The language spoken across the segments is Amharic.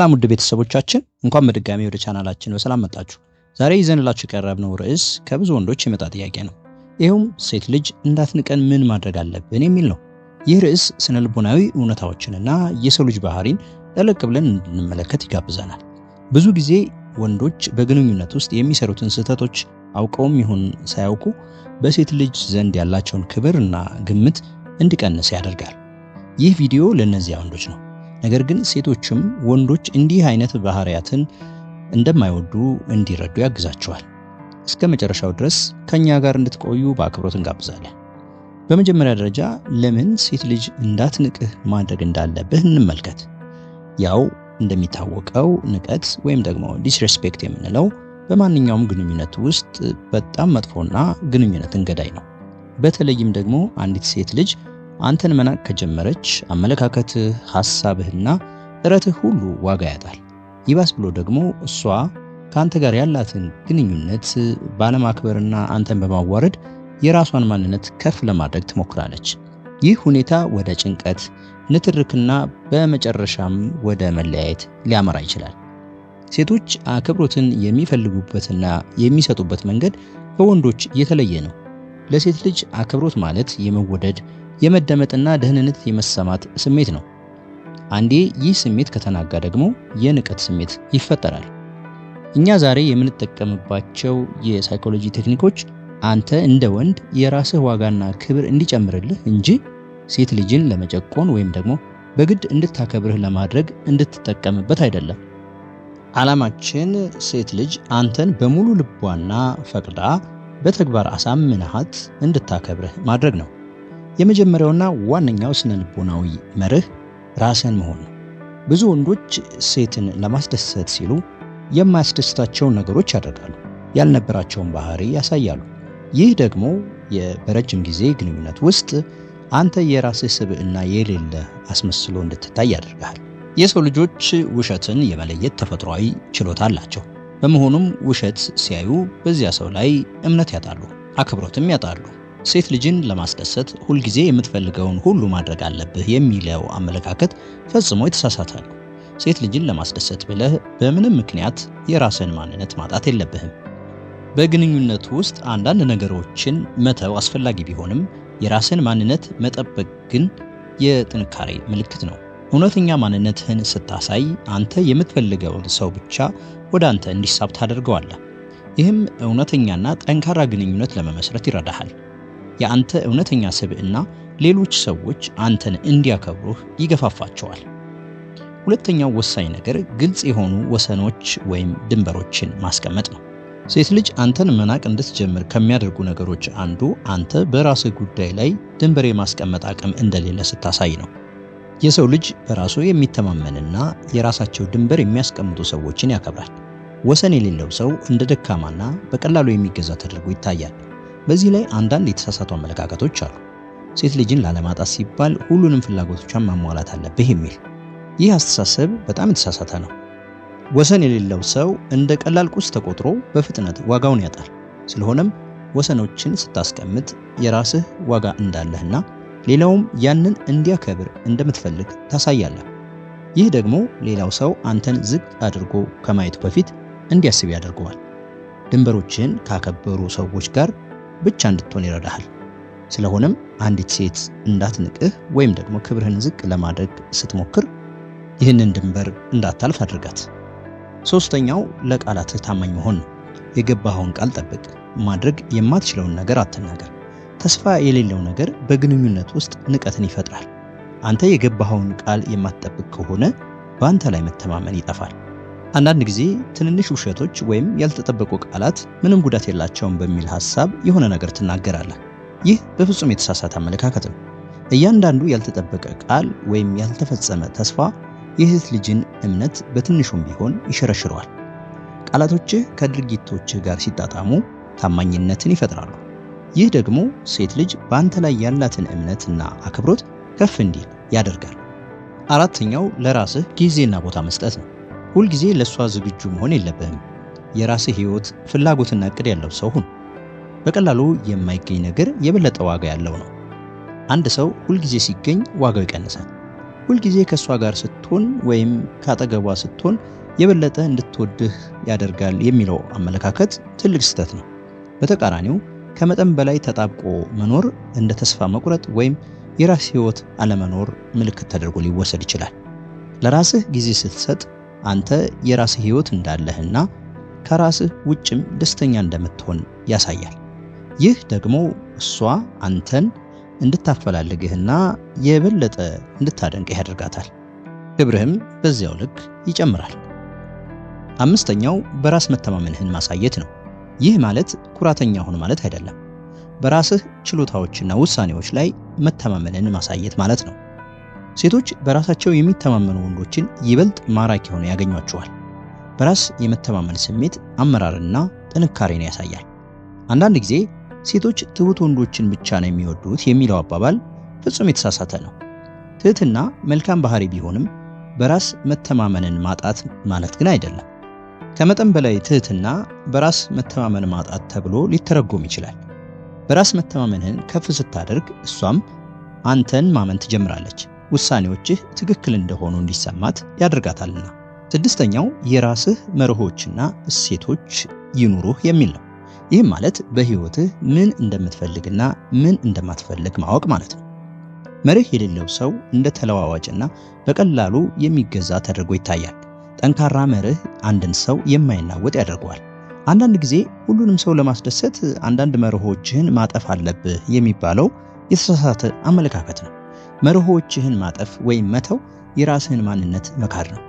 ሰላም ውድ ቤተሰቦቻችን እንኳን በድጋሚ ወደ ቻናላችን በሰላም መጣችሁ። ዛሬ ይዘንላችሁ የቀረብነው ርዕስ ከብዙ ወንዶች የመጣ ጥያቄ ነው። ይኸውም ሴት ልጅ እንዳትንቀን ምን ማድረግ አለብን የሚል ነው። ይህ ርዕስ ስነልቦናዊ እውነታዎችንና የሰው ልጅ ባህሪን ጠለቅ ብለን እንድንመለከት ይጋብዘናል። ብዙ ጊዜ ወንዶች በግንኙነት ውስጥ የሚሰሩትን ስህተቶች አውቀውም ይሁን ሳያውቁ በሴት ልጅ ዘንድ ያላቸውን ክብርና ግምት እንዲቀንስ ያደርጋል። ይህ ቪዲዮ ለእነዚያ ወንዶች ነው። ነገር ግን ሴቶችም ወንዶች እንዲህ አይነት ባህሪያትን እንደማይወዱ እንዲረዱ ያግዛቸዋል። እስከ መጨረሻው ድረስ ከኛ ጋር እንድትቆዩ በአክብሮት እንጋብዛለን። በመጀመሪያ ደረጃ ለምን ሴት ልጅ እንዳትንቅህ ማድረግ እንዳለብህ እንመልከት። ያው እንደሚታወቀው ንቀት ወይም ደግሞ ዲስሬስፔክት የምንለው በማንኛውም ግንኙነት ውስጥ በጣም መጥፎና ግንኙነትን ገዳይ ነው። በተለይም ደግሞ አንዲት ሴት ልጅ አንተን መናቅ ከጀመረች አመለካከትህ፣ ሐሳብህና ጥረትህ ሁሉ ዋጋ ያጣል። ይባስ ብሎ ደግሞ እሷ ከአንተ ጋር ያላትን ግንኙነት ባለማክበርና አንተን በማዋረድ የራሷን ማንነት ከፍ ለማድረግ ትሞክራለች። ይህ ሁኔታ ወደ ጭንቀት፣ ንትርክና በመጨረሻም ወደ መለያየት ሊያመራ ይችላል። ሴቶች አክብሮትን የሚፈልጉበትና የሚሰጡበት መንገድ ከወንዶች የተለየ ነው። ለሴት ልጅ አክብሮት ማለት የመወደድ የመደመጥና ደህንነት የመሰማት ስሜት ነው። አንዴ ይህ ስሜት ከተናጋ ደግሞ የንቀት ስሜት ይፈጠራል። እኛ ዛሬ የምንጠቀምባቸው የሳይኮሎጂ ቴክኒኮች አንተ እንደ ወንድ የራስህ ዋጋና ክብር እንዲጨምርልህ እንጂ ሴት ልጅን ለመጨቆን ወይም ደግሞ በግድ እንድታከብርህ ለማድረግ እንድትጠቀምበት አይደለም። ዓላማችን ሴት ልጅ አንተን በሙሉ ልቧና ፈቅዳ በተግባር አሳምናሃት እንድታከብርህ ማድረግ ነው። የመጀመሪያውና ዋነኛው ስነ ልቦናዊ መርህ ራስን መሆን ነው። ብዙ ወንዶች ሴትን ለማስደሰት ሲሉ የማያስደስታቸውን ነገሮች ያደርጋሉ፣ ያልነበራቸውን ባህሪ ያሳያሉ። ይህ ደግሞ በረጅም ጊዜ ግንኙነት ውስጥ አንተ የራስህ ስብዕና የሌለ አስመስሎ እንድትታይ ያደርግሃል። የሰው ልጆች ውሸትን የመለየት ተፈጥሯዊ ችሎታ አላቸው። በመሆኑም ውሸት ሲያዩ በዚያ ሰው ላይ እምነት ያጣሉ፣ አክብሮትም ያጣሉ። ሴት ልጅን ለማስደሰት ሁልጊዜ የምትፈልገውን ሁሉ ማድረግ አለብህ የሚለው አመለካከት ፈጽሞ የተሳሳተ ነው። ሴት ልጅን ለማስደሰት ብለህ በምንም ምክንያት የራስን ማንነት ማጣት የለብህም። በግንኙነት ውስጥ አንዳንድ ነገሮችን መተው አስፈላጊ ቢሆንም የራስን ማንነት መጠበቅ ግን የጥንካሬ ምልክት ነው። እውነተኛ ማንነትህን ስታሳይ አንተ የምትፈልገውን ሰው ብቻ ወደ አንተ እንዲሳብ ታደርገዋለህ። ይህም እውነተኛና ጠንካራ ግንኙነት ለመመስረት ይረዳሃል። የአንተ እውነተኛ ስብዕና ሌሎች ሰዎች አንተን እንዲያከብሩህ ይገፋፋቸዋል። ሁለተኛው ወሳኝ ነገር ግልጽ የሆኑ ወሰኖች ወይም ድንበሮችን ማስቀመጥ ነው። ሴት ልጅ አንተን መናቅ እንድትጀምር ከሚያደርጉ ነገሮች አንዱ አንተ በራስህ ጉዳይ ላይ ድንበር የማስቀመጥ አቅም እንደሌለ ስታሳይ ነው። የሰው ልጅ በራሱ የሚተማመንና የራሳቸው ድንበር የሚያስቀምጡ ሰዎችን ያከብራል። ወሰን የሌለው ሰው እንደ ደካማና በቀላሉ የሚገዛ ተደርጎ ይታያል። በዚህ ላይ አንዳንድ የተሳሳቱ አመለካከቶች አሉ። ሴት ልጅን ላለማጣት ሲባል ሁሉንም ፍላጎቶቿን ማሟላት አለብህ የሚል ይህ አስተሳሰብ በጣም የተሳሳተ ነው። ወሰን የሌለው ሰው እንደ ቀላል ቁስ ተቆጥሮ በፍጥነት ዋጋውን ያጣል። ስለሆነም ወሰኖችን ስታስቀምጥ የራስህ ዋጋ እንዳለህና ሌላውም ያንን እንዲያከብር እንደምትፈልግ ታሳያለህ። ይህ ደግሞ ሌላው ሰው አንተን ዝቅ አድርጎ ከማየቱ በፊት እንዲያስብ ያደርገዋል። ድንበሮችን ካከበሩ ሰዎች ጋር ብቻ እንድትሆን ይረዳሃል። ስለሆነም አንዲት ሴት እንዳትንቅህ ወይም ደግሞ ክብርህን ዝቅ ለማድረግ ስትሞክር ይህንን ድንበር እንዳታልፍ አድርጋት። ሶስተኛው ለቃላትህ ታማኝ መሆን ነው። የገባኸውን ቃል ጠብቅ። ማድረግ የማትችለውን ነገር አትናገር። ተስፋ የሌለው ነገር በግንኙነት ውስጥ ንቀትን ይፈጥራል። አንተ የገባኸውን ቃል የማትጠብቅ ከሆነ በአንተ ላይ መተማመን ይጠፋል። አንዳንድ ጊዜ ትንንሽ ውሸቶች ወይም ያልተጠበቁ ቃላት ምንም ጉዳት የላቸውም በሚል ሐሳብ የሆነ ነገር ትናገራለህ። ይህ በፍጹም የተሳሳተ አመለካከት ነው። እያንዳንዱ ያልተጠበቀ ቃል ወይም ያልተፈጸመ ተስፋ የእህት ልጅን እምነት በትንሹም ቢሆን ይሸረሽረዋል። ቃላቶችህ ከድርጊቶችህ ጋር ሲጣጣሙ ታማኝነትን ይፈጥራሉ። ይህ ደግሞ ሴት ልጅ በአንተ ላይ ያላትን እምነትና አክብሮት ከፍ እንዲል ያደርጋል። አራተኛው ለራስህ ጊዜና ቦታ መስጠት ነው። ሁልጊዜ ለእሷ ዝግጁ መሆን የለብህም። የራስህ ሕይወት ፍላጎትና እቅድ ያለው ሰው ሁን። በቀላሉ የማይገኝ ነገር የበለጠ ዋጋ ያለው ነው። አንድ ሰው ሁልጊዜ ሲገኝ ዋጋው ይቀንሳል። ሁልጊዜ ከእሷ ጋር ስትሆን ወይም ከአጠገቧ ስትሆን የበለጠ እንድትወድህ ያደርጋል የሚለው አመለካከት ትልቅ ስህተት ነው። በተቃራኒው ከመጠን በላይ ተጣብቆ መኖር እንደ ተስፋ መቁረጥ ወይም የራስ ሕይወት አለመኖር ምልክት ተደርጎ ሊወሰድ ይችላል። ለራስህ ጊዜ ስትሰጥ አንተ የራስህ ህይወት እንዳለህና ከራስህ ውጭም ደስተኛ እንደምትሆን ያሳያል። ይህ ደግሞ እሷ አንተን እንድታፈላልግህና የበለጠ እንድታደንቅህ ያደርጋታል። ክብርህም በዚያው ልክ ይጨምራል። አምስተኛው በራስ መተማመንህን ማሳየት ነው። ይህ ማለት ኩራተኛ ሁን ማለት አይደለም። በራስህ ችሎታዎችና ውሳኔዎች ላይ መተማመንን ማሳየት ማለት ነው። ሴቶች በራሳቸው የሚተማመኑ ወንዶችን ይበልጥ ማራኪ ሆነው ያገኟቸዋል። በራስ የመተማመን ስሜት አመራርና ጥንካሬን ያሳያል። አንዳንድ ጊዜ ሴቶች ትሁት ወንዶችን ብቻ ነው የሚወዱት የሚለው አባባል ፍጹም የተሳሳተ ነው። ትህትና መልካም ባህሪ ቢሆንም በራስ መተማመንን ማጣት ማለት ግን አይደለም። ከመጠን በላይ ትህትና በራስ መተማመን ማጣት ተብሎ ሊተረጎም ይችላል። በራስ መተማመንህን ከፍ ስታደርግ እሷም አንተን ማመን ትጀምራለች። ውሳኔዎችህ ትክክል እንደሆኑ እንዲሰማት ያደርጋታልና። ስድስተኛው የራስህ መርሆችና እሴቶች ይኑሩህ የሚል ነው። ይህም ማለት በህይወትህ ምን እንደምትፈልግና ምን እንደማትፈልግ ማወቅ ማለት ነው። መርህ የሌለው ሰው እንደ ተለዋዋጭና በቀላሉ የሚገዛ ተደርጎ ይታያል። ጠንካራ መርህ አንድን ሰው የማይናወጥ ያደርገዋል። አንዳንድ ጊዜ ሁሉንም ሰው ለማስደሰት አንዳንድ መርሆችህን ማጠፍ አለብህ የሚባለው የተሳሳተ አመለካከት ነው። መርሆችህን ማጠፍ ወይም መተው የራስህን ማንነት መካድ ነው።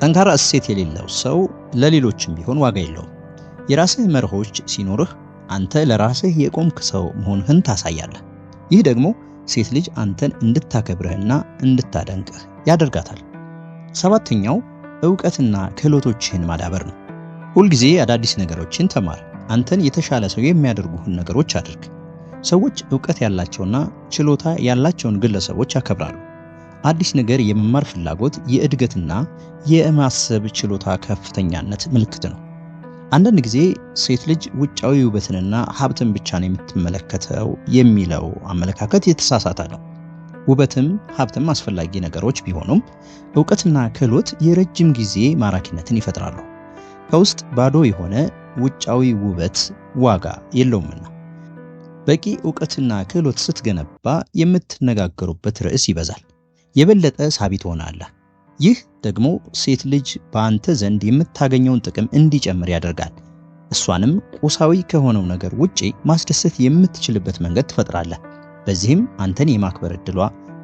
ጠንካራ እሴት የሌለው ሰው ለሌሎችም ቢሆን ዋጋ የለውም። የራስህ መርሆች ሲኖርህ አንተ ለራስህ የቆምክ ሰው መሆንህን ታሳያለህ። ይህ ደግሞ ሴት ልጅ አንተን እንድታከብርህና እንድታደንቅህ ያደርጋታል። ሰባተኛው እውቀትና ክህሎቶችህን ማዳበር ነው። ሁልጊዜ አዳዲስ ነገሮችን ተማር። አንተን የተሻለ ሰው የሚያደርጉህን ነገሮች አድርግ። ሰዎች ዕውቀት ያላቸውና ችሎታ ያላቸውን ግለሰቦች ያከብራሉ። አዲስ ነገር የመማር ፍላጎት የእድገትና የማሰብ ችሎታ ከፍተኛነት ምልክት ነው። አንዳንድ ጊዜ ሴት ልጅ ውጫዊ ውበትንና ሀብትን ብቻ ነው የምትመለከተው የሚለው አመለካከት የተሳሳተ ነው። ውበትም ሀብትም አስፈላጊ ነገሮች ቢሆኑም እውቀትና ክህሎት የረጅም ጊዜ ማራኪነትን ይፈጥራሉ። ከውስጥ ባዶ የሆነ ውጫዊ ውበት ዋጋ የለውምና በቂ እውቀትና ክህሎት ስትገነባ የምትነጋገሩበት ርዕስ ይበዛል፣ የበለጠ ሳቢ ትሆናለህ። ይህ ደግሞ ሴት ልጅ በአንተ ዘንድ የምታገኘውን ጥቅም እንዲጨምር ያደርጋል። እሷንም ቁሳዊ ከሆነው ነገር ውጪ ማስደሰት የምትችልበት መንገድ ትፈጥራለህ። በዚህም አንተን የማክበር እድሏ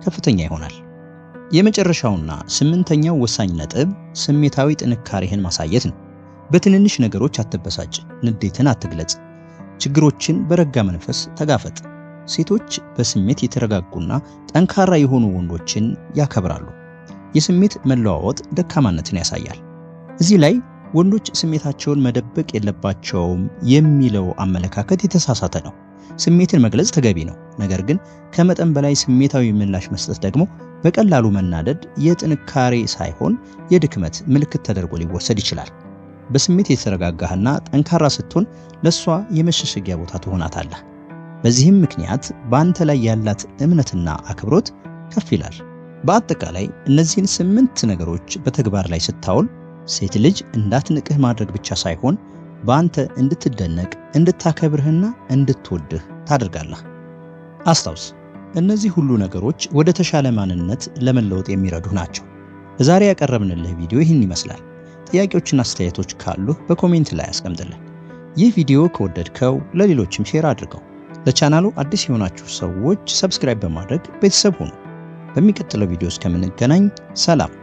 ከፍተኛ ይሆናል። የመጨረሻውና ስምንተኛው ወሳኝ ነጥብ ስሜታዊ ጥንካሬህን ማሳየት ነው። በትንንሽ ነገሮች አትበሳጭ፣ ንዴትን አትግለጽ። ችግሮችን በረጋ መንፈስ ተጋፈጥ። ሴቶች በስሜት የተረጋጉና ጠንካራ የሆኑ ወንዶችን ያከብራሉ። የስሜት መለዋወጥ ደካማነትን ያሳያል። እዚህ ላይ ወንዶች ስሜታቸውን መደበቅ የለባቸውም የሚለው አመለካከት የተሳሳተ ነው። ስሜትን መግለጽ ተገቢ ነው። ነገር ግን ከመጠን በላይ ስሜታዊ ምላሽ መስጠት ደግሞ በቀላሉ መናደድ የጥንካሬ ሳይሆን የድክመት ምልክት ተደርጎ ሊወሰድ ይችላል። በስሜት የተረጋጋህና ጠንካራ ስትሆን ለእሷ የመሸሸጊያ ቦታ ትሆናታለህ። በዚህም ምክንያት በአንተ ላይ ያላት እምነትና አክብሮት ከፍ ይላል። በአጠቃላይ እነዚህን ስምንት ነገሮች በተግባር ላይ ስታውል ሴት ልጅ እንዳትንቅህ ማድረግ ብቻ ሳይሆን በአንተ እንድትደነቅ እንድታከብርህና እንድትወድህ ታደርጋለህ። አስታውስ፣ እነዚህ ሁሉ ነገሮች ወደ ተሻለ ማንነት ለመለወጥ የሚረዱ ናቸው። ዛሬ ያቀረብንልህ ቪዲዮ ይህን ይመስላል። ጥያቄዎችና አስተያየቶች ካሉ በኮሜንት ላይ አስቀምጥልን። ይህ ቪዲዮ ከወደድከው ለሌሎችም ሼር አድርገው። ለቻናሉ አዲስ የሆናችሁ ሰዎች ሰብስክራይብ በማድረግ ቤተሰብ ሁኑ። በሚቀጥለው ቪዲዮ እስከምንገናኝ ሰላም።